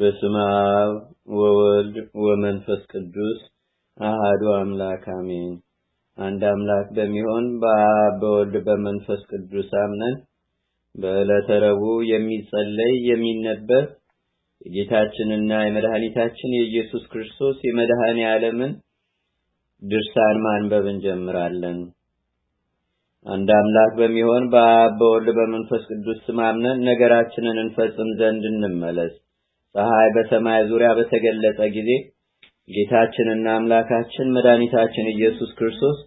በስመ አብ ወወልድ ወመንፈስ ቅዱስ አሃዱ አምላክ አሜን። አንድ አምላክ በሚሆን በአብ በወልድ በመንፈስ ቅዱስ አምነን በዕለተ ረቡዕ የሚጸለይ የሚነበብ የጌታችንና የመድኃኒታችን የኢየሱስ ክርስቶስ የመድኃኔ ዓለምን ድርሳን ማንበብ እንጀምራለን። አንድ አምላክ በሚሆን በአብ በወልድ በመንፈስ ቅዱስ ስም አምነን ነገራችንን እንፈጽም ዘንድ እንመለስ። ፀሐይ በሰማይ ዙሪያ በተገለጸ ጊዜ ጌታችንና አምላካችን መድኃኒታችን ኢየሱስ ክርስቶስ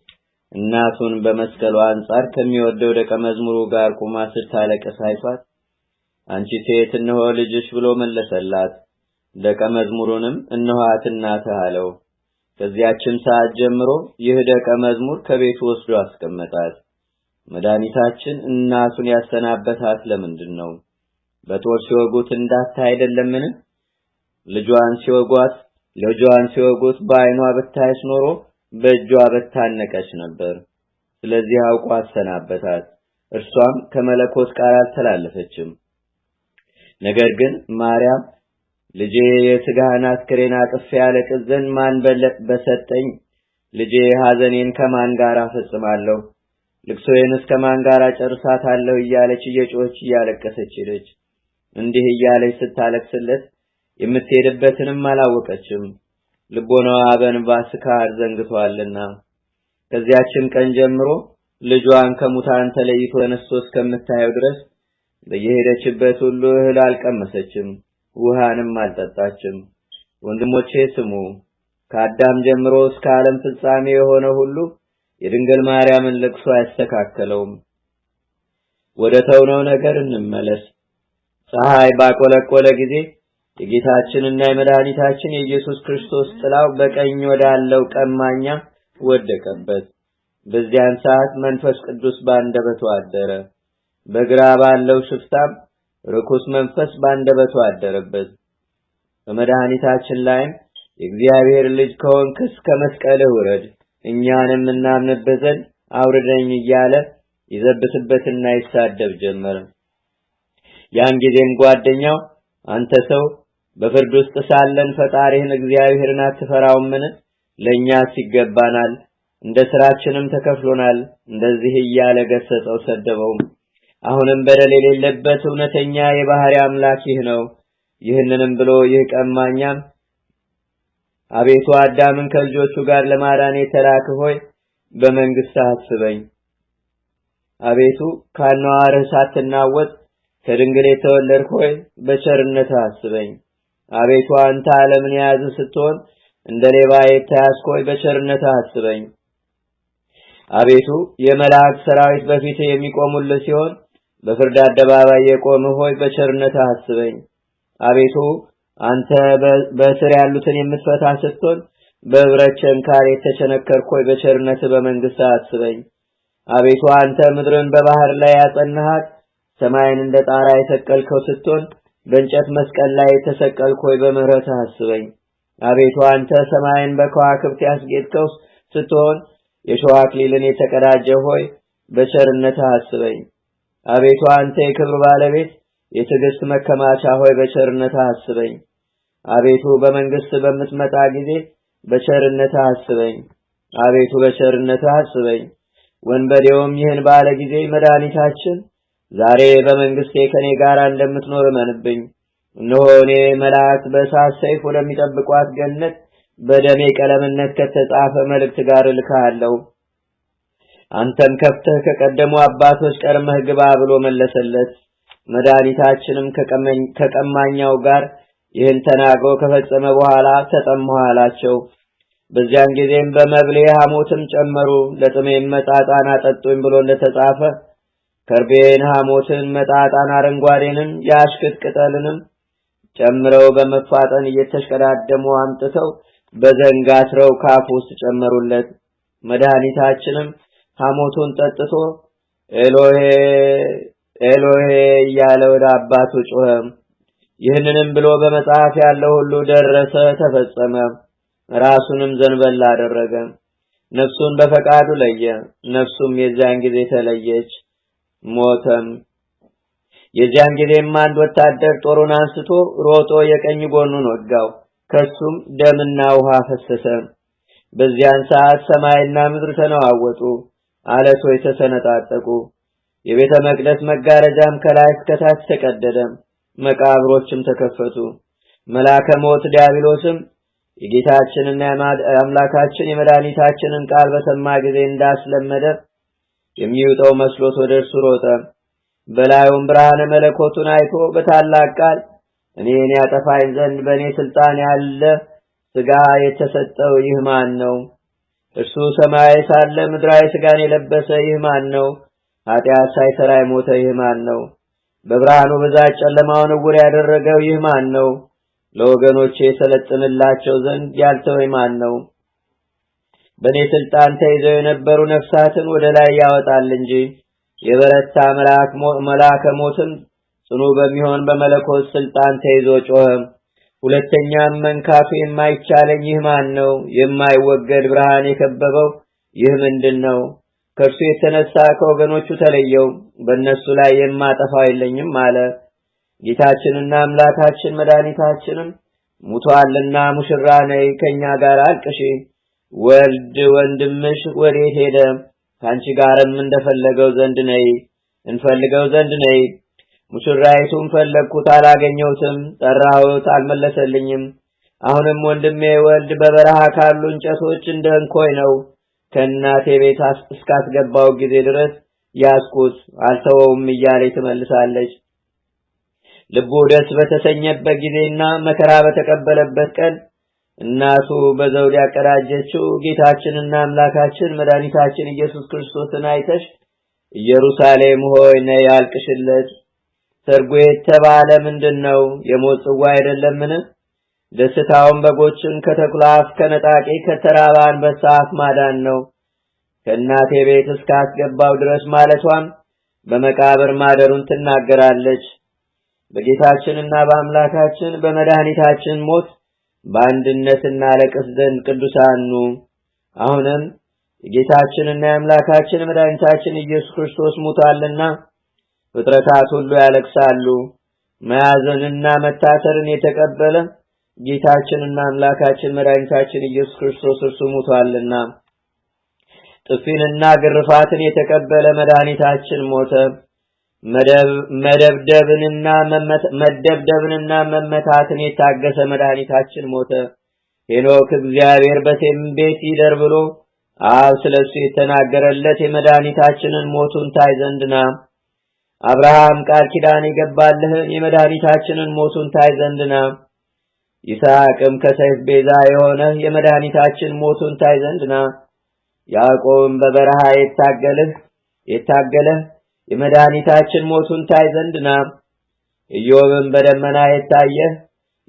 እናቱን በመስቀሉ አንጻር ከሚወደው ደቀ መዝሙሩ ጋር ቁማ ስታለቅስ አይቷት አንቺ ሴት እነሆ ልጅሽ ብሎ መለሰላት። ደቀ መዝሙሩንም እነኋት እናትህ አለው። ከዚያችም ሰዓት ጀምሮ ይህ ደቀ መዝሙር ከቤቱ ወስዶ አስቀመጣት። መድኃኒታችን እናቱን ያሰናበታት ለምንድን ነው? በጦር ሲወጉት እንዳታ አይደለምን? ልጇን ሲወጓት ልጇን ሲወጉት በአይኗ ብታይስ ኖሮ በእጇ በታነቀች ነበር። ስለዚህ አውቋ አሰናበታት። እርሷም ከመለኮት ጋር አልተላለፈችም። ነገር ግን ማርያም ልጄ የሥጋህን አስክሬን አቅፌ ያለቅስ ዘንድ ማን በሰጠኝ? ልጄ ሐዘኔን ከማን ጋር አፈጽማለሁ? ልቅሶዬንስ ከማን ጋር ጨርሳታለሁ? እያለች እየጮች እያለቀሰች ሄደች። እንዲህ እያለች ስታለቅስለት የምትሄድበትንም አላወቀችም፣ ልቦናዋ በእንባ ስካር ዘንግቷልና። ከዚያችን ቀን ጀምሮ ልጇን ከሙታን ተለይቶ ተነስቶ እስከምታየው ድረስ በየሄደችበት ሁሉ እህል አልቀመሰችም፣ ውሃንም አልጠጣችም። ወንድሞቼ ስሙ፣ ከአዳም ጀምሮ እስከ ዓለም ፍጻሜ የሆነ ሁሉ የድንግል ማርያምን ልቅሶ አያስተካከለውም። ወደ ተውነው ነገር እንመለስ። ፀሐይ ባቆለቆለ ጊዜ የጌታችንና የመድኃኒታችን የኢየሱስ ክርስቶስ ጥላው በቀኝ ወዳለው ቀማኛ ወደቀበት። በዚያን ሰዓት መንፈስ ቅዱስ ባንደበቱ አደረ። በግራ ባለው ሽፍታም ርኩስ መንፈስ ባንደበቱ አደረበት። በመድኃኒታችን ላይም የእግዚአብሔር ልጅ ከሆንክስ ከመስቀል ውረድ፣ እኛንም እናምንበት ዘንድ አውርደኝ እያለ ይዘብትበትና ይሳደብ ጀመረ። ያን ጊዜም ጓደኛው አንተ ሰው በፍርድ ውስጥ ሳለን ፈጣሪህን እግዚአብሔርን አትፈራውምን? ለእኛስ ይገባናል፣ እንደ ስራችንም ተከፍሎናል። እንደዚህ እያለ ገሰጸው፣ ሰደበውም። አሁንም በደል የሌለበት እውነተኛ የባህሪ አምላክ ይህ ነው። ይህንንም ብሎ ይህ ቀማኛም አቤቱ አዳምን ከልጆቹ ጋር ለማዳን የተላክህ ሆይ በመንግሥትህ አስበኝ። አቤቱ ካናዋርህ ሳትናወጥ ከድንግል የተወለድክ ሆይ በቸርነት አስበኝ። አቤቱ አንተ ዓለምን የያዝ ስትሆን እንደ ሌባ የተያዝክ ሆይ በቸርነት አስበኝ። አቤቱ የመላእክት ሰራዊት በፊት የሚቆሙልህ ሲሆን በፍርድ አደባባይ የቆምህ ሆይ በቸርነት አስበኝ። አቤቱ አንተ በእስር ያሉትን የምትፈታ ስትሆን በብረት ቸንካር የተቸነከርክ ሆይ በቸርነት በመንግስት አስበኝ። አቤቱ አንተ ምድርን በባህር ላይ ያጸናሃት ሰማይን እንደ ጣራ የሰቀልከው ስትሆን በእንጨት መስቀል ላይ የተሰቀልክ ሆይ በምህረትህ አስበኝ። አቤቱ አንተ ሰማይን በከዋክብት ያስጌጥከው ስትሆን የሾህ አክሊልን የተቀዳጀ ሆይ በቸርነት አስበኝ። አቤቱ አንተ የክብር ባለቤት የትዕግስት መከማቻ ሆይ በቸርነት አስበኝ። አቤቱ በመንግስት በምትመጣ ጊዜ በቸርነት አስበኝ። አቤቱ በቸርነት አስበኝ። ወንበዴውም ይህን ባለ ጊዜ መድኃኒታችን ዛሬ በመንግስቴ ከኔ ጋር እንደምትኖር እመንብኝ። እነሆ እኔ መልአክ በእሳት ሰይፍ ወደሚጠብቋት ገነት በደሜ ቀለምነት ከተጻፈ መልእክት ጋር እልክሃለሁ። አንተም ከፍተህ ከቀደሙ አባቶች ቀድመህ ግባ ብሎ መለሰለት። መድኃኒታችንም ከቀማኛው ጋር ይህን ተናግሮ ከፈጸመ በኋላ ተጠማሁ አላቸው። በዚያን ጊዜም በመብሌ ሐሞትም ጨመሩ፣ ለጥሜም መጻጣን አጠጡኝ ብሎ እንደተጻፈ ከርቤን፣ ሐሞትን፣ መጣጣን፣ አረንጓዴንም የአሽክት ቅጠልንም ጨምረው በመፋጠን እየተሽቀዳደሙ አምጥተው በዘንጋትረው አስረው ካፍ ውስጥ ጨመሩለት። መድኃኒታችንም ሐሞቱን ጠጥቶ ኤሎሄ ኤሎሄ እያለ ወደ አባቱ ጮኸ። ይህንንም ብሎ በመጽሐፍ ያለው ሁሉ ደረሰ፣ ተፈጸመ። ራሱንም ዘንበል አደረገ። ነፍሱን በፈቃዱ ለየ። ነፍሱም የዚያን ጊዜ ተለየች። ሞተም። የዚያን ጊዜም አንድ ወታደር ጦሩን አንስቶ ሮጦ የቀኝ ጎኑን ወጋው፣ ከሱም ደምና ውሃ ፈሰሰ። በዚያን ሰዓት ሰማይና ምድር ተነዋወጡ፣ አለቶች ተሰነጣጠቁ፣ የቤተ መቅደስ መጋረጃም ከላይ እስከታች ተቀደደ፣ መቃብሮችም ተከፈቱ። መልአከ ሞት ዲያብሎስም የጌታችንና የአምላካችን የመድኃኒታችንን ቃል በሰማ ጊዜ እንዳስለመደ የሚውጠው መስሎት ወደ እርሱ ሮጠ። በላዩም ብርሃነ መለኮቱን አይቶ በታላቅ ቃል እኔን ያጠፋኝ ዘንድ በእኔ ስልጣን ያለ ስጋ የተሰጠው ይህ ማን ነው? እርሱ ሰማያዊ ሳለ ምድራዊ ስጋን የለበሰ ይህ ማን ነው? ኃጢአት ሳይሰራ የሞተ ይህ ማን ነው? በብርሃኑ ብዛት ጨለማውን እውር ያደረገው ይህ ማን ነው? ለወገኖቼ የሰለጥንላቸው ዘንድ ያልተወኝ ማን ነው? በእኔ ስልጣን ተይዘው የነበሩ ነፍሳትን ወደ ላይ ያወጣል እንጂ የበረታ መልአከ ሞትን ጽኑ በሚሆን በመለኮት ስልጣን ተይዞ ጮኸ። ሁለተኛም መንካቱ የማይቻለኝ ይህ ማን ነው? የማይወገድ ብርሃን የከበበው ይህ ምንድን ነው? ከእርሱ የተነሳ ከወገኖቹ ተለየው፣ በእነሱ ላይ የማጠፋው የለኝም አለ። ጌታችንና አምላካችን መድኃኒታችንም ሙቷልና ሙሽራ ነይ ከእኛ ጋር አልቅሺ ወልድ ወንድምሽ ወዴት ሄደ? ከአንቺ ጋርም እንደፈለገው ዘንድ ነይ እንፈልገው ዘንድ ነይ። ሙሽራይቱን ፈለግኩት አላገኘሁትም፣ ጠራሁት አልመለሰልኝም። አሁንም ወንድሜ ወልድ በበረሃ ካሉ እንጨቶች እንደ እንኮይ ነው። ከእናቴ ቤት እስካስገባው ጊዜ ድረስ ያስኩት አልተወውም እያለች ትመልሳለች። ልቡ ደስ በተሰኘበት ጊዜና መከራ በተቀበለበት ቀን እናቱ በዘውድ ያቀዳጀችው ጌታችንና አምላካችን መድኃኒታችን ኢየሱስ ክርስቶስን አይተሽ ኢየሩሳሌም ሆይ ነይ ያልቅሽለት ሰርጎ የተባለ ምንድነው? የሞት ጽዋ አይደለምን? ደስታውን በጎችን ከተኩላ አፍ ከነጣቂ ከተራባን አንበሳ አፍ ማዳን ነው። ከእናቴ ቤት እስካስገባው ድረስ ማለቷም በመቃብር ማደሩን ትናገራለች። በጌታችንና በአምላካችን በመድኃኒታችን ሞት በአንድነትና ለቅስ ዘንድ ቅዱሳን ኑ። አሁንም የጌታችንና የአምላካችን መድኃኒታችን ኢየሱስ ክርስቶስ ሙታልና ፍጥረታት ሁሉ ያለቅሳሉ። መያዘንና መታሰርን የተቀበለ ጌታችንና አምላካችን መድኃኒታችን ኢየሱስ ክርስቶስ እርሱ ሙቷልና፣ ጥፊንና ግርፋትን የተቀበለ መድኃኒታችን ሞተ። መደብደብንና መደብደብንና መመታትን የታገሰ መድኃኒታችን ሞተ። ሄኖክ እግዚአብሔር በሴም ቤት ይደር ብሎ አብ ስለሱ የተናገረለት የመድኃኒታችንን ሞቱን ታይ ዘንድና አብርሃም ቃል ኪዳን የገባልህን የመድኃኒታችንን ሞቱን ታይ ዘንድና ይስሐቅም ከሰይፍ ቤዛ የሆነ የመድኃኒታችን ሞቱን ታይ ዘንድና ያዕቆብም በበረሃ የታገልህ የታገልህ የመድኃኒታችን ሞቱን ታይ ዘንድና ኢዮብን በደመና የታየ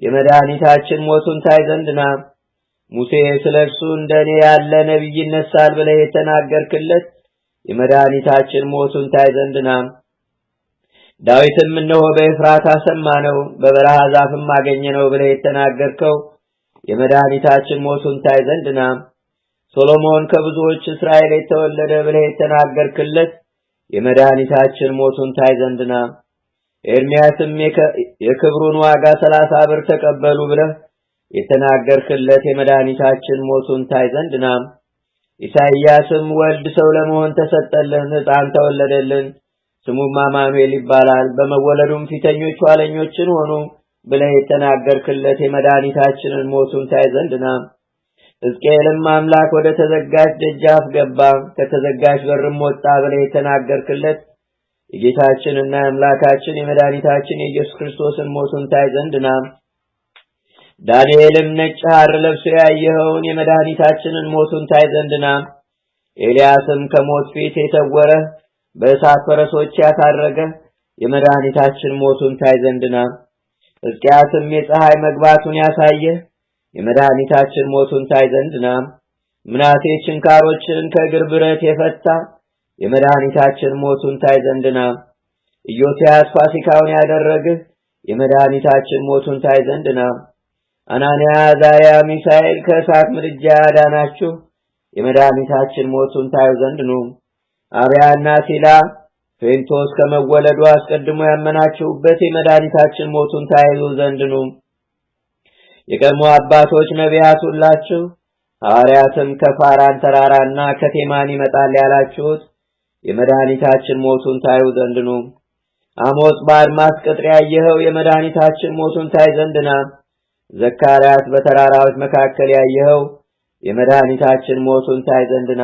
የመድኃኒታችን ሞቱን ታይ ዘንድና ሙሴ ስለ እርሱ እንደኔ ያለ ነቢይ ይነሳል ብለህ የተናገርክለት የመድኃኒታችን ሞቱን ታይ ዘንድና ዳዊትም እነሆ በኤፍራታ ነው በበረሃ ዛፍም ነው ብለህ የተናገርከው የመድኃኒታችን ሞቱን ታይ ዘንድና ሶሎሞን ከብዙዎች እስራኤል የተወለደ ብለህ የተናገርክለት የመዳኒታችን ሞቱን ታይ ዘንድና ኤርሚያስም የክብሩን ዋጋ ሰላሳ ብር ተቀበሉ ብለህ የተናገርክለት የመዳኒታችን ሞቱን ታይ ዘንድና ኢሳይያስም ወልድ ሰው ለመሆን ተሰጠልን፣ ሕፃን ተወለደልን፣ ስሙም አማኑኤል ይባላል፣ በመወለዱም ፊተኞች ኋለኞችን ሆኑ ብለህ የተናገርክለት የመድኃኒታችንን ሞቱን ታይ ዘንድና ሕዝቅኤልም አምላክ ወደ ተዘጋጅ ደጃፍ ገባ፣ ከተዘጋጅ በርም ወጣ ብለህ የተናገርክለት የጌታችንና የአምላካችን የመድኃኒታችን የኢየሱስ ክርስቶስን ሞቱን ታይ ዘንድ ና። ዳንኤልም ነጭ ሐር ለብሶ ያየኸውን የመድኃኒታችንን ሞቱን ታይ ዘንድ ና። ኤልያስም ከሞት ፊት የተወረ በእሳት ፈረሶች ያሳረገ የመድኃኒታችን ሞቱን ታይ ዘንድ ና። ሕዝቅያስም የፀሐይ መግባቱን ያሳየ የመድኃኒታችን ሞቱን ታይ ዘንድ ና ምናሴ ችንካሮችን ከእግር ብረት የፈታ የመድኃኒታችን ሞቱን ታይ ዘንድ ኢዮስያስ ፋሲካውን ያደረግህ የመድኃኒታችን ሞቱን ታይ ዘንድ አናንያ ዛያ ሚሳኤል ከእሳት ምድጃ ያዳናችሁ የመድኃኒታችን ሞቱን ታዩ ዘንድ ኑ አብያና ሲላ ፌንቶስ ከመወለዱ አስቀድሞ ያመናችሁበት የመድኃኒታችን ሞቱን ታዩ ዘንድ ኑ የቀድሞ አባቶች ነቢያት ሁላችሁ ሐዋርያትም ከፋራን ተራራና ከቴማን ይመጣል ያላችሁት የመድኃኒታችን ሞቱን ታዩ ዘንድ ነው። አሞጽ በአድማስ ቅጥር ያየኸው የመድኃኒታችን ሞቱን ታይ ዘንድና ዘካርያስ በተራራዎች መካከል ያየኸው የመድኃኒታችን ሞቱን ታይ ዘንድና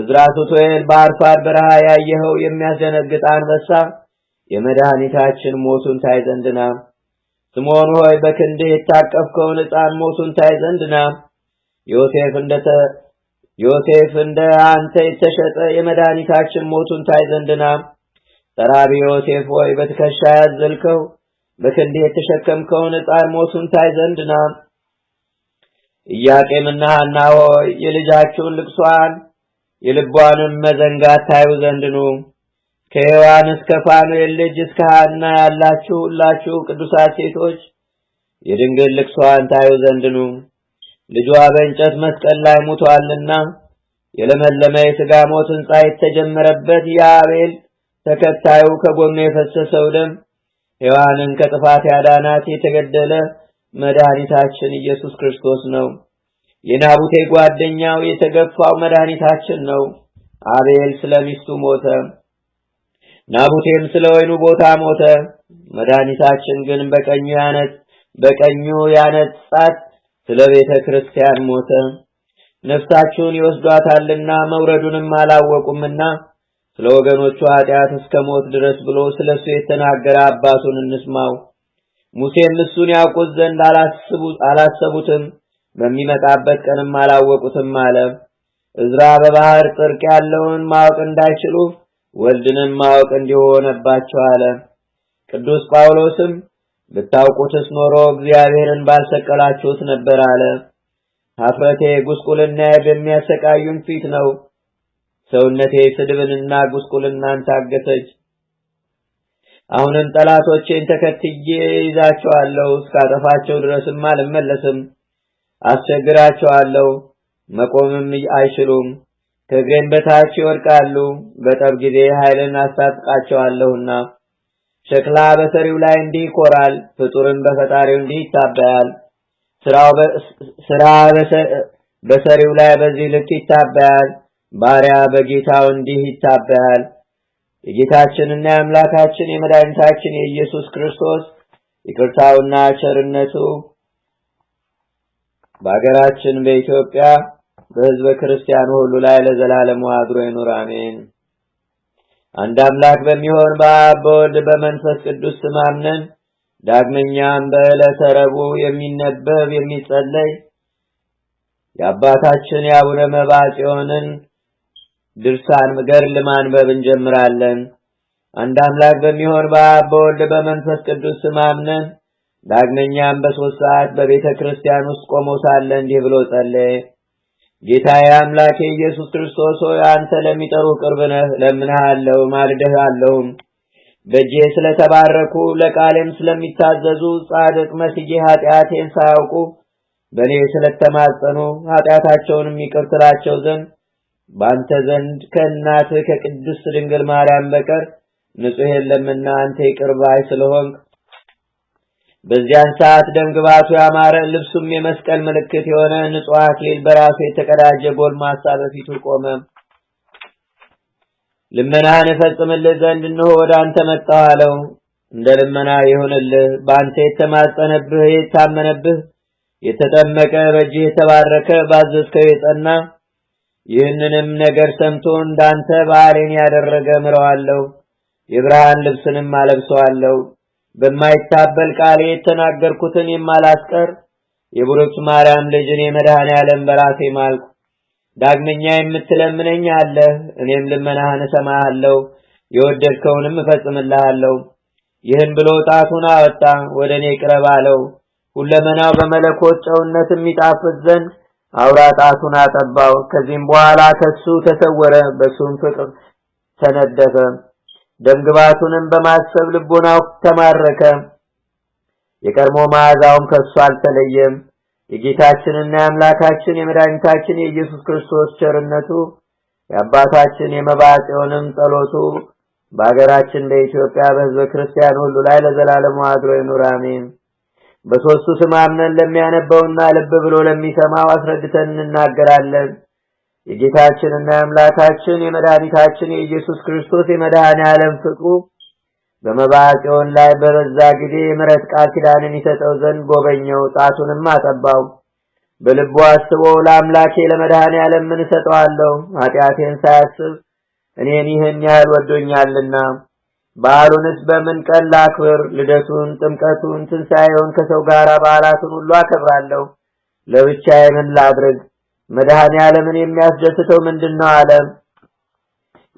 እዝራ ሱቱኤል በአርፋድ በረሃ ያየኸው የሚያስደነግጥ አንበሳ የመድኃኒታችን ሞቱን ታይ ዘንድና ስምዖን ሆይ በክንድህ የታቀፍከውን ሕፃን ሞቱን ታይ ዘንድ ና ዮሴፍ እንደተ ዮሴፍ እንደ አንተ የተሸጠ የመድኃኒታችን ሞቱን ታይ ዘንድ ና ጠራቢ ዮሴፍ ሆይ በትከሻ ያዘልከው በክንድህ የተሸከምከውን ሕፃን ሞቱን ታይ ዘንድ ና ኢያቄምና ሐና ሆይ የልጃችሁን ልቅሷን የልቧንም መዘንጋት ታዩ ዘንድ ኑ። ከሔዋን እስከ ፋኑኤል ልጅ እስከ ሐና ያላችሁ ሁላችሁ ቅዱሳት ሴቶች የድንግል ልቅሶዋን ታዩ ዘንድ ኑ። ልጇ በእንጨት መስቀል ላይ ሙቷልና የለመለመ የሥጋ ሞት ሕንፃ የተጀመረበት የአቤል ተከታዩ ከጎኑ የፈሰሰው ደም ሔዋንን ከጥፋት ያዳናት የተገደለ መድኃኒታችን ኢየሱስ ክርስቶስ ነው። የናቡቴ ጓደኛው የተገፋው መድኃኒታችን ነው። አቤል ስለሚስቱ ሞተ። ናቡቴም ስለ ወይኑ ቦታ ሞተ። መድኃኒታችን ግን በቀኙ ያነጽ በቀኙ ያነጻት ስለ ቤተ ክርስቲያን ሞተ። ነፍሳችሁን ይወስዷታልና መውረዱንም አላወቁምና ስለ ወገኖቹ ኃጢአት እስከ ሞት ድረስ ብሎ ስለ እሱ የተናገረ አባቱን እንስማው። ሙሴም እሱን ያውቁት ዘንድ አላሰቡትም፣ በሚመጣበት ቀንም አላወቁትም አለ። እዝራ በባህር ጥርቅ ያለውን ማወቅ እንዳይችሉ ወልድንም ማወቅ እንዲሆነባቸው አለ። ቅዱስ ጳውሎስም ብታውቁትስ ኖሮ እግዚአብሔርን ባልሰቀላችሁት ነበር አለ። ሀፍረቴ ጉስቁልና በሚያሰቃዩን ፊት ነው። ሰውነቴ ስድብንና ጉስቁልናን ታገሰች። አሁንም ጠላቶቼን ተከትዬ ይዛቸዋለሁ፣ እስካጠፋቸው ድረስም አልመለስም። አስቸግራቸዋለሁ፣ መቆምም አይችሉም። ከእግሬም በታች ይወድቃሉ። በጠብ ጊዜ ኃይልን አስታጥቃቸዋለሁና ሸክላ በሰሪው ላይ እንዲህ ይኮራል፣ ፍጡርን በፈጣሪው እንዲህ ይታበያል። ስራ በሰሪው ላይ በዚህ ልክ ይታበያል፣ ባሪያ በጌታው እንዲህ ይታበያል። የጌታችንና የአምላካችን የመድኃኒታችን የኢየሱስ ክርስቶስ ይቅርታውና ቸርነቱ በሀገራችን በኢትዮጵያ በህዝበ ክርስቲያኑ ሁሉ ላይ ለዘላለም አድሮ ይኑር፣ አሜን። አንድ አምላክ በሚሆን በአብ በወልድ በመንፈስ ቅዱስ ስም ዳግመኛም በዕለተ ረቡዕ የሚነበብ የሚጸለይ የአባታችን የአቡነ መብዓ ጽዮንን ድርሳን ገድል ማንበብ እንጀምራለን። አንድ አምላክ በሚሆን በአብ በወልድ በመንፈስ ቅዱስ ስም አምነን ዳግመኛም በሶስት ሰዓት በቤተ ክርስቲያን ውስጥ ቆሞ ሳለ እንዲህ ብሎ ጸለየ። ጌታዬ አምላኬ ኢየሱስ ክርስቶስ ሆይ አንተ ለሚጠሩ ቅርብ ነህ። ለምንሃለሁ፣ ማልደሃለሁም። በእጄ ስለተባረኩ ለቃሌም ስለሚታዘዙ ጻድቅ መስዬ ኃጢአቴን ሳያውቁ በእኔ ስለተማጸኑ ኃጢአታቸውንም ይቅር ትላቸው ዘንድ በአንተ ዘንድ ከእናትህ ከቅድስት ድንግል ማርያም በቀር ንጹሕ የለምና አንተ ይቅር ባይ ስለሆንክ በዚያን ሰዓት ደምግባቱ ያማረ ልብሱም የመስቀል ምልክት የሆነ ንጹሕ አክሊል በራሱ የተቀዳጀ ጎልማሳ በፊቱ ቆመ። ልመናህን እፈጽምልህ ዘንድ እንሆ ወደ አንተ መጣሁ አለው። እንደ ልመና ይሁንልህ። በአንተ የተማጸነብህ የታመነብህ የተጠመቀ በእጅህ የተባረከ ባዘዝከው የጸና ይህንንም ነገር ሰምቶ እንዳንተ በዓሌን ያደረገ ምረዋለሁ፣ የብርሃን ልብስንም አለብሰዋለሁ በማይታበል ቃሌ የተናገርኩትን የማላስቀር የብሩክት ማርያም ልጅን እኔ መድኃኔዓለም በራሴ ማልኩ። ዳግመኛ የምትለምነኝ አለ፣ እኔም ልመናህን እሰማሃለሁ፣ የወደድከውንም እፈጽምልሃለሁ። ይህን ብሎ ጣቱን አወጣ፣ ወደ እኔ ቅረብ አለው። ሁለመናው በመለኮት ጨውነት የሚጣፍጥ ዘንድ አውራ ጣቱን አጠባው። ከዚህም በኋላ ከሱ ተሰወረ፣ በሱም ፍቅር ተነደፈ። ደምግባቱንም በማሰብ ልቦናው ተማረከ። የቀድሞ መዓዛውም ከሱ አልተለየም። የጌታችንና የአምላካችን የመድኃኒታችን የኢየሱስ ክርስቶስ ቸርነቱ የአባታችን የመባ ጸሎቱ በአገራችን በኢትዮጵያ በሕዝበ ክርስቲያን ሁሉ ላይ ለዘላለሙ አድሮ ይኑር፣ አሜን። በሦስቱ ስም አምነን ለሚያነበውና ልብ ብሎ ለሚሰማው አስረድተን እንናገራለን። የጌታችንና የአምላካችን የመድኃኒታችን የኢየሱስ ክርስቶስ የመድኃኔ ዓለም ፍቅሩ በመባቂውን ላይ በበዛ ጊዜ የምሕረት ቃል ኪዳንን ይሰጠው ዘንድ ጎበኘው፣ ጣቱንም አጠባው። በልቡ አስቦ ለአምላኬ ለመድኃኔ ዓለም ምን እሰጠዋለሁ? ኃጢአቴን ሳያስብ እኔን ይህን ያህል ወዶኛልና። በዓሉንስ በምን ቀን ላክብር? ልደቱን፣ ጥምቀቱን፣ ትንሣኤውን ከሰው ጋር በዓላቱን ሁሉ አከብራለሁ። ለብቻዬ ምን ላድርግ? መድኃኔ ዓለምን የሚያስደስተው ምንድነው? አለ።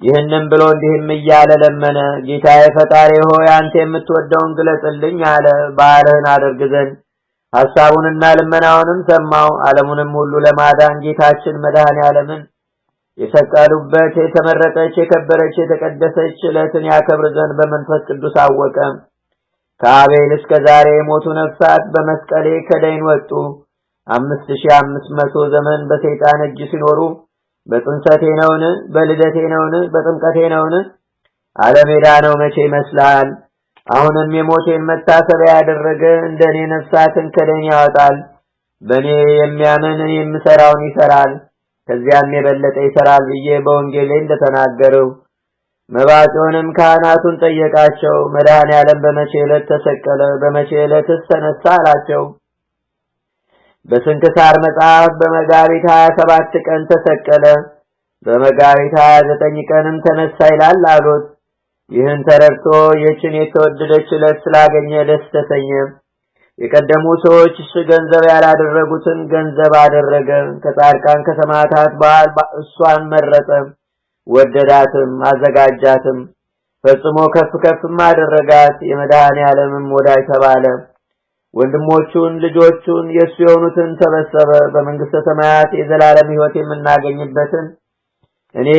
ይህንም ብሎ እንዲህም እያለ ለመነ። ጌታዬ ፈጣሪ ሆይ አንተ የምትወደውን ግለጽልኝ አለ። ባርህን አደርግ ዘንድ ሐሳቡንና ልመናውንም ሰማው። ዓለሙንም ሁሉ ለማዳን ጌታችን መድኃኔ ዓለምን የሰቀሉበት የተመረጠች የከበረች የተቀደሰች ዕለትን ያከብር ዘንድ በመንፈስ ቅዱስ አወቀ። ከአቤል እስከ ዛሬ የሞቱ ነፍሳት በመስቀሌ ከደይን ወጡ። አምስት ሺህ አምስት መቶ ዘመን በሰይጣን እጅ ሲኖሩ በጥንሰቴ ነውን? በልደቴ ነውን? በጥምቀቴ ነውን? አለሜዳ ነው መቼ ይመስላል። አሁንም የሞቴን መታሰቢያ ያደረገ እንደኔ ነፍሳትን ከደን ያወጣል። በእኔ የሚያምን የምሰራውን ይሰራል፣ ከዚያም የበለጠ ይሰራል ብዬ በወንጌሌ እንደተናገረው መባጮንም ካህናቱን ጠየቃቸው። መድኃኔ ዓለም በመቼ ዕለት ተሰቀለ? በመቼ ዕለትስ ተነሳ አላቸው። በስንክሳር መጽሐፍ በመጋቢት 27 ቀን ተሰቀለ፣ በመጋቢት 29 ቀንም ተነሳ ይላል አሉት። ይህን ተረድቶ ይህችን የተወደደች ዕለት ስላገኘ ደስ ተሰኘ። የቀደሙ ሰዎች እሱ ገንዘብ ያላደረጉትን ገንዘብ አደረገ። ከጻድቃን ከሰማዕታት በዓል እሷን መረጠ፣ ወደዳትም፣ አዘጋጃትም፣ ፈጽሞ ከፍ ከፍም አደረጋት። የመድኃኔ ዓለምም ወዳጅ ተባለ። ወንድሞቹን ልጆቹን የእሱ የሆኑትን ሰበሰበ። በመንግስተ ሰማያት የዘላለም ህይወት የምናገኝበትን እኔ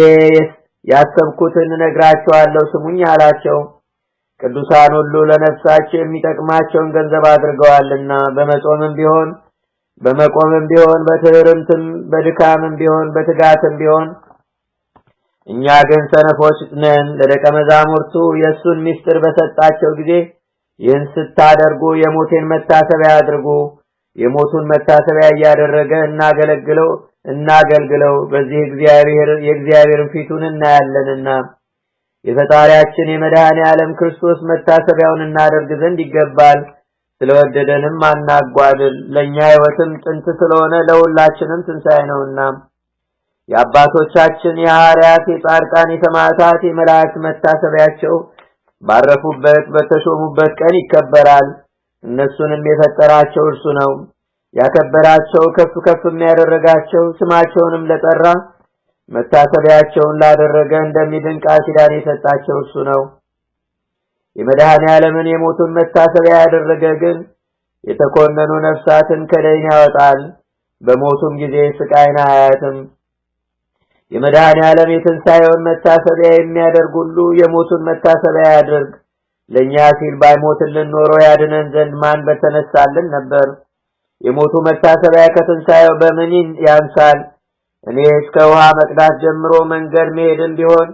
ያሰብኩትን ነግራቸዋለሁ፣ ስሙኝ አላቸው። ቅዱሳን ሁሉ ለነፍሳቸው የሚጠቅማቸውን ገንዘብ አድርገዋልና በመጾምም ቢሆን በመቆምም ቢሆን በትህርምትም በድካምም ቢሆን በትጋትም ቢሆን እኛ ግን ሰነፎች ነን። ለደቀ መዛሙርቱ የእሱን ምስጢር በሰጣቸው ጊዜ ይህን ስታደርጉ የሞቴን መታሰቢያ አድርጉ። የሞቱን መታሰቢያ እያደረገ እናገለግለው እናገልግለው። በዚህ እግዚአብሔር የእግዚአብሔርን ፊቱን እናያለንና የፈጣሪያችን የመድኃኔ ዓለም ክርስቶስ መታሰቢያውን እናደርግ ዘንድ ይገባል። ስለወደደንም አናጓድል። ለኛ ሕይወትም ጥንት ስለሆነ ለሁላችንም ትንሣኤ ነውና የአባቶቻችን የሐዋርያት፣ የጻድቃን፣ የሰማዕታት፣ የመላእክት መታሰቢያቸው ባረፉበት በተሾሙበት ቀን ይከበራል። እነሱንም የፈጠራቸው እርሱ ነው። ያከበራቸው ከፍ ከፍ የሚያደረጋቸው ስማቸውንም ለጠራ መታሰቢያቸውን ላደረገ እንደሚድን ቃል ኪዳን የሰጣቸው እርሱ ነው። የመድኃኔ ዓለምን የሞቱን መታሰቢያ ያደረገ ግን የተኮነኑ ነፍሳትን ከደይን ያወጣል። በሞቱም ጊዜ ስቃይን አያያትም። የመድኃኔ ዓለም የትንሣኤውን መታሰቢያ የሚያደርግ ሁሉ የሞቱን መታሰቢያ ያድርግ። ለእኛ ሲል ባይሞትልን ኖሮ ያድነን ዘንድ ማን በተነሳልን ነበር? የሞቱ መታሰቢያ ከትንሣኤው በምን ያንሳል? እኔ እስከ ውሃ መቅዳት ጀምሮ መንገድ መሄድም ቢሆን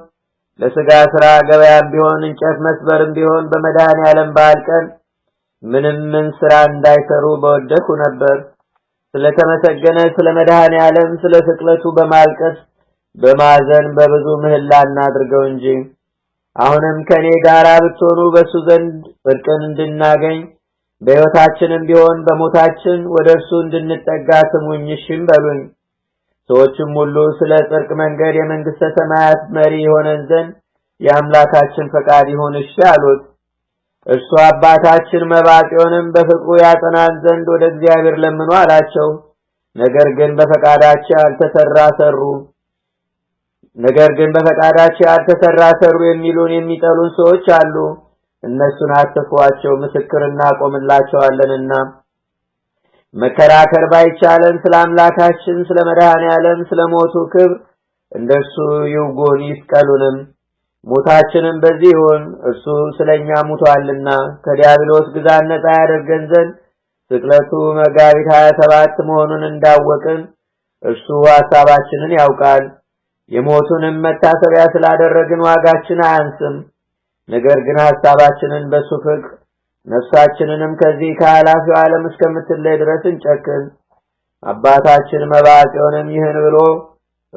ለሥጋ ሥራ ገበያም ቢሆን እንጨት መስበርም ቢሆን በመድኃኔ ዓለም በዓል ቀን ምንም ምን ሥራ እንዳይሰሩ በወደኩ ነበር። ስለተመሰገነ ስለ መድኃኔ ዓለም ስለ ስቅለቱ በማልቀስ በማዘን በብዙ ምህላ እናድርገው እንጂ አሁንም ከኔ ጋር ብትሆኑ በሱ ዘንድ እርቅን እንድናገኝ በሕይወታችንም ቢሆን በሞታችን ወደ እርሱ እንድንጠጋ ስሙኝ፣ እሺም በሉኝ። ሰዎችም ሁሉ ስለ ጽድቅ መንገድ የመንግሥተ ሰማያት መሪ የሆነን ዘንድ የአምላካችን ፈቃድ ይሁን፣ እሺ አሉት። እርሱ አባታችን መባቂውንም በፍቅሩ ያጸናን ዘንድ ወደ እግዚአብሔር ለምኑ አላቸው። ነገር ግን በፈቃዳቸው ያልተሰራ ሰሩ። ነገር ግን በፈቃዳቸው ያልተሰራ ሰሩ የሚሉን የሚጠሉን ሰዎች አሉ። እነሱን አትፍሯቸው፣ ምስክር እናቆምላቸዋለንና። መከራከር ባይቻለን ስለ አምላካችን ስለ መድኃኔዓለም ስለ ሞቱ ክብር እንደሱ ይውጉን ይስቀሉንም። ሞታችንም በዚህ ይሁን፣ እርሱ ስለኛ ሙቷልና ከዲያብሎስ ግዛት ነፃ ያደርገን ዘንድ ስቅለቱ መጋቢት 27 መሆኑን እንዳወቅን እርሱ ሐሳባችንን ያውቃል። የሞቱንም መታሰቢያ ስላደረግን ዋጋችን አያንስም። ነገር ግን ሐሳባችንን በሱ ፍቅር ነፍሳችንንም ከዚህ ከኃላፊው ዓለም እስከምትለይ ድረስ እንጨክን። አባታችን መባጽዮንም ይህን ብሎ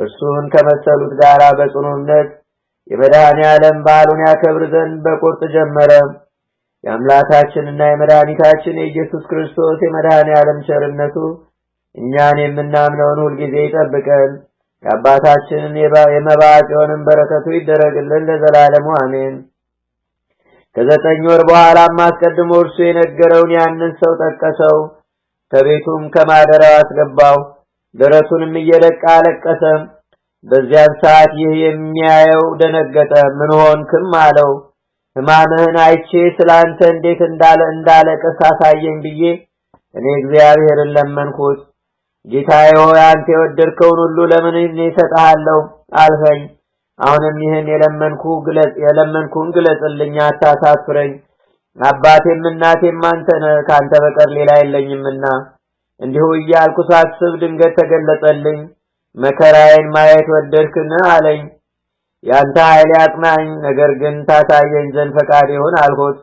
እርሱን ከመሰሉት ጋር በጽኑነት የመድኃኔ ዓለም በዓሉን ያከብር ዘንድ በቁርጥ ጀመረ። የአምላካችንና የመድኃኒታችን የኢየሱስ ክርስቶስ የመድኃኔ ዓለም ቸርነቱ እኛን የምናምነውን ሁልጊዜ ይጠብቀን። የአባታችንን የመባ ጽዮንን በረከቱ ይደረግልን ለዘላለሙ አሜን። ከዘጠኝ ወር በኋላም አስቀድሞ እርሱ የነገረውን ያንን ሰው ጠቀሰው። ከቤቱም ከማደሪያው አስገባው። ደረቱንም እየደቃ አለቀሰ። በዚያን ሰዓት ይህ የሚያየው ደነገጠ። ምን ሆንክም አለው። ሕማምህን አይቼ ስለ አንተ እንዴት እንዳለ እንዳለቅስ አሳየኝ ብዬ እኔ እግዚአብሔርን ለመንኩት። ጌታዬ ሆይ አንተ የወደድከውን ሁሉ ለምን እኔ እሰጥሃለሁ አልኸኝ። አሁንም ይህን የለመንኩ ግለጽ የለመንኩን ግለጽልኝ፣ አታሳፍረኝ። አባቴም እናቴም አንተ ነህ፣ ካንተ በቀር ሌላ የለኝምና። እንዲሁ እያልኩ ሳስብ ድንገት ተገለጸልኝ። መከራዬን ማየት ወደድክን አለኝ። ያንተ ኃይል አጽናኝ፣ ነገር ግን ታሳየኝ ዘንድ ፈቃድ ይሁን አልኩት።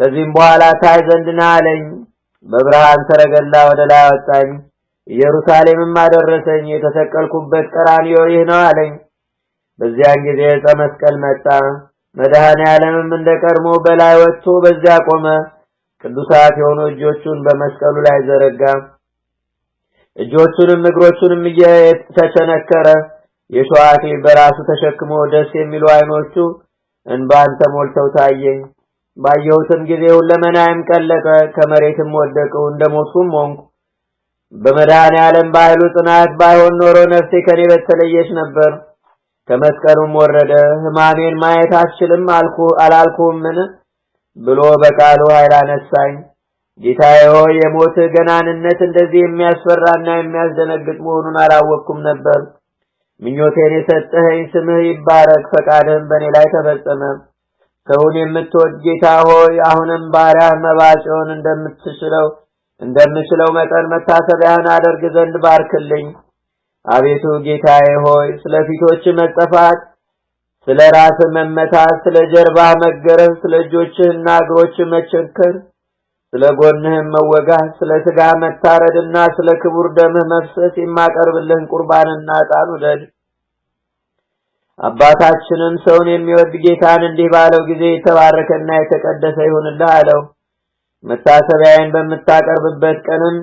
ከዚህም በኋላ ታይ ዘንድ ና አለኝ። በብርሃን ሰረገላ ወደ ላይ አወጣኝ። ኢየሩሳሌምም አደረሰኝ። የተሰቀልኩበት ቀራንዮ ይህ ነው አለኝ። በዚያን ጊዜ ዕፀ መስቀል መጣ። መድኃኔ ዓለምም እንደ ቀድሞ በላይ ወጥቶ በዚያ ቆመ። ቅዱሳት የሆኑ እጆቹን በመስቀሉ ላይ ዘረጋ። እጆቹንም እግሮቹንም ተቸነከረ። የሸዋ አክሊል በራሱ ተሸክሞ ደስ የሚሉ ዓይኖቹ እንባን ተሞልተው ታየኝ። ባየሁትም ጊዜ ሁለመናዬም ቀለቀ ከመሬትም ወደቅሁ፣ እንደ ሞትኩም ሆንኩ። በመድኃኔ ያለም በኃይሉ ጽናት ባይሆን ኖሮ ነፍሴ ከኔ በተለየች ነበር። ከመስቀሉም ወረደ። ሕማሜን ማየት አትችልም አልኩ አላልኩምን ብሎ በቃሉ ኃይል አነሳኝ። ጌታዬ ሆይ የሞት ገናንነት እንደዚህ የሚያስፈራና የሚያስደነግጥ መሆኑን አላወቅኩም ነበር። ምኞቴን የሰጠኸኝ ስምህ ይባረክ፣ ፈቃድህም በእኔ ላይ ተፈጸመ። ሰውን የምትወድ ጌታ ሆይ አሁንም ባሪያህ መባጮን እንደምትችለው እንደምችለው መጠን መታሰቢያን አደርግ ዘንድ ባርክልኝ። አቤቱ ጌታዬ ሆይ ስለ ፊቶች መጠፋት፣ ስለ ራስ መመታት፣ ስለ ጀርባ መገረፍ፣ ስለ እጆችህና እግሮች መቸንከር፣ ስለ ጎንህም መወጋት፣ ስለ ስጋ መታረድና ስለ ክቡር ደምህ መፍሰስ የማቀርብልህን ቁርባንና ዕጣን ውደድ። አባታችንም ሰውን የሚወድ ጌታን እንዲህ ባለው ጊዜ የተባረከና የተቀደሰ ይሁንልህ አለው። መታሰቢያዬን በምታቀርብበት ቀንም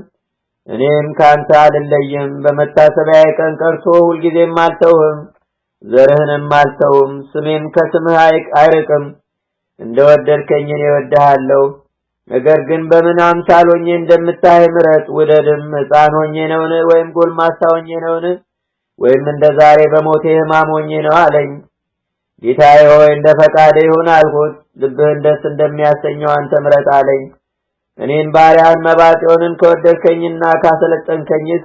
እኔም ካንተ አልለይም። በመታሰቢያዬ ቀን ቀርቶ ሁልጊዜም አልተውህም፣ ዘርህንም አልተውም፣ ስሜም ከስምህ አይርቅም። እንደ ወደድከኝን እወድሃለሁ። ነገር ግን በምን አምሳል ሆኜ እንደምታይ ምረጥ፣ ውደድም። ሕፃን ሆኜ ነውን? ወይም ጎልማሳ ሆኜ ነውን? ወይም እንደ ዛሬ በሞቴ ሕማም ሆኜ ነው አለኝ። ጌታዬ ሆይ እንደ ፈቃደ ይሁን አልኩት። ልብህን ደስ እንደሚያሰኘው አንተ ምረጥ አለኝ። እኔን ባሪያን መባጤውንን ከወደድከኝና ካሰለጠንከኝስ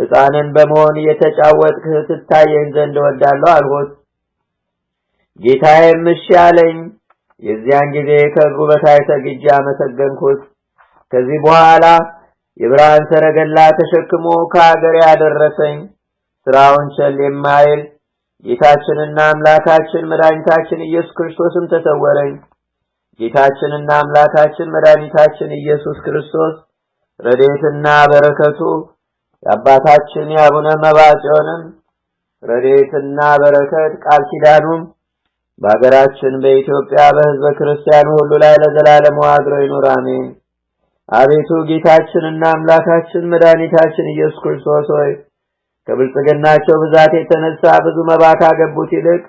ሕፃንን በመሆን እየተጫወጥህ ትታየኝ ዘንድ እወዳለሁ አልሆት ጌታዬም እሺ አለኝ። የዚያን ጊዜ ከእግሩ በታች ሰግጄ አመሰገንኩት። ከዚህ በኋላ የብርሃን ሰረገላ ተሸክሞ ከአገር ያደረሰኝ ስራውን ቸል የማይል ጌታችንና አምላካችን መድኃኒታችን ኢየሱስ ክርስቶስም ተሰወረኝ። ጌታችንና አምላካችን መድኃኒታችን ኢየሱስ ክርስቶስ ረዴትና በረከቱ የአባታችን የአቡነ መብዓ ጽዮንም ረዴትና በረከት ቃል ኪዳኑም በሀገራችን በኢትዮጵያ በሕዝበ ክርስቲያኑ ሁሉ ላይ ለዘላለም ዋግሮ ይኑር፣ አሜን። አቤቱ ጌታችንና አምላካችን መድኃኒታችን ኢየሱስ ክርስቶስ ሆይ ከብልጽግናቸው ብዛት የተነሳ ብዙ መባ ካገቡት ይልቅ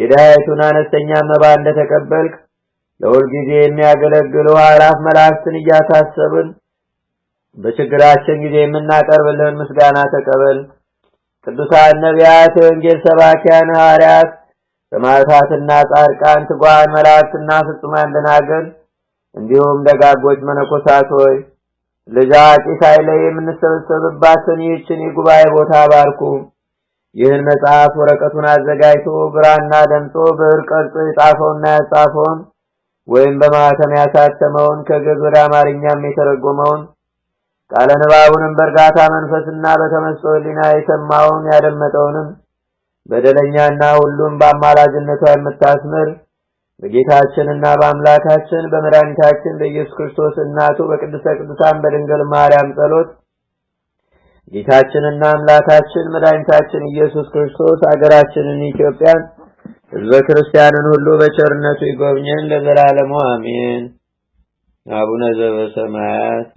የድሃይቱን አነስተኛ መባ እንደተቀበልክ ለሁልጊዜ የሚያገለግሉ አራት መላእክትን እያሳሰብን በችግራችን ጊዜ የምናቀርብልህን ምስጋና ተቀበል። ቅዱሳን ነቢያት፣ ወንጌል ሰባኪያን ሐዋርያት፣ ሰማዕታትና ጻድቃን፣ ትጓን መላእክትና ፍጹማን ደናግል እንዲሁም ደጋጎች መነኮሳት ሆይ ልጃ ጢስ ላይ የምንሰበሰብባትን ይህችን የጉባኤ ቦታ ባርኩ። ይህን መጽሐፍ ወረቀቱን አዘጋጅቶ ብራና ደምጾ ብዕር ቀርጾ የጻፈውና ያጻፈውን ወይም በማህተም ያሳተመውን ከግዕዝ ወደ አማርኛም የተረጎመውን ቃለ ንባቡንም በእርጋታ መንፈስና በተመስጦ ሕሊና የሰማውን ያደመጠውንም በደለኛና ሁሉም በአማላጅነቷ የምታስምር በጌታችንና በአምላካችን በመድኃኒታችን በኢየሱስ ክርስቶስ እናቱ በቅድስተ ቅዱሳን በድንግል ማርያም ጸሎት ጌታችንና አምላካችን መድኃኒታችን ኢየሱስ ክርስቶስ አገራችንን ኢትዮጵያን ህዝበ ክርስቲያንን ሁሉ በቸርነቱ ይጎብኘን ለዘላለሙ አሜን። አቡነ ዘበሰማያት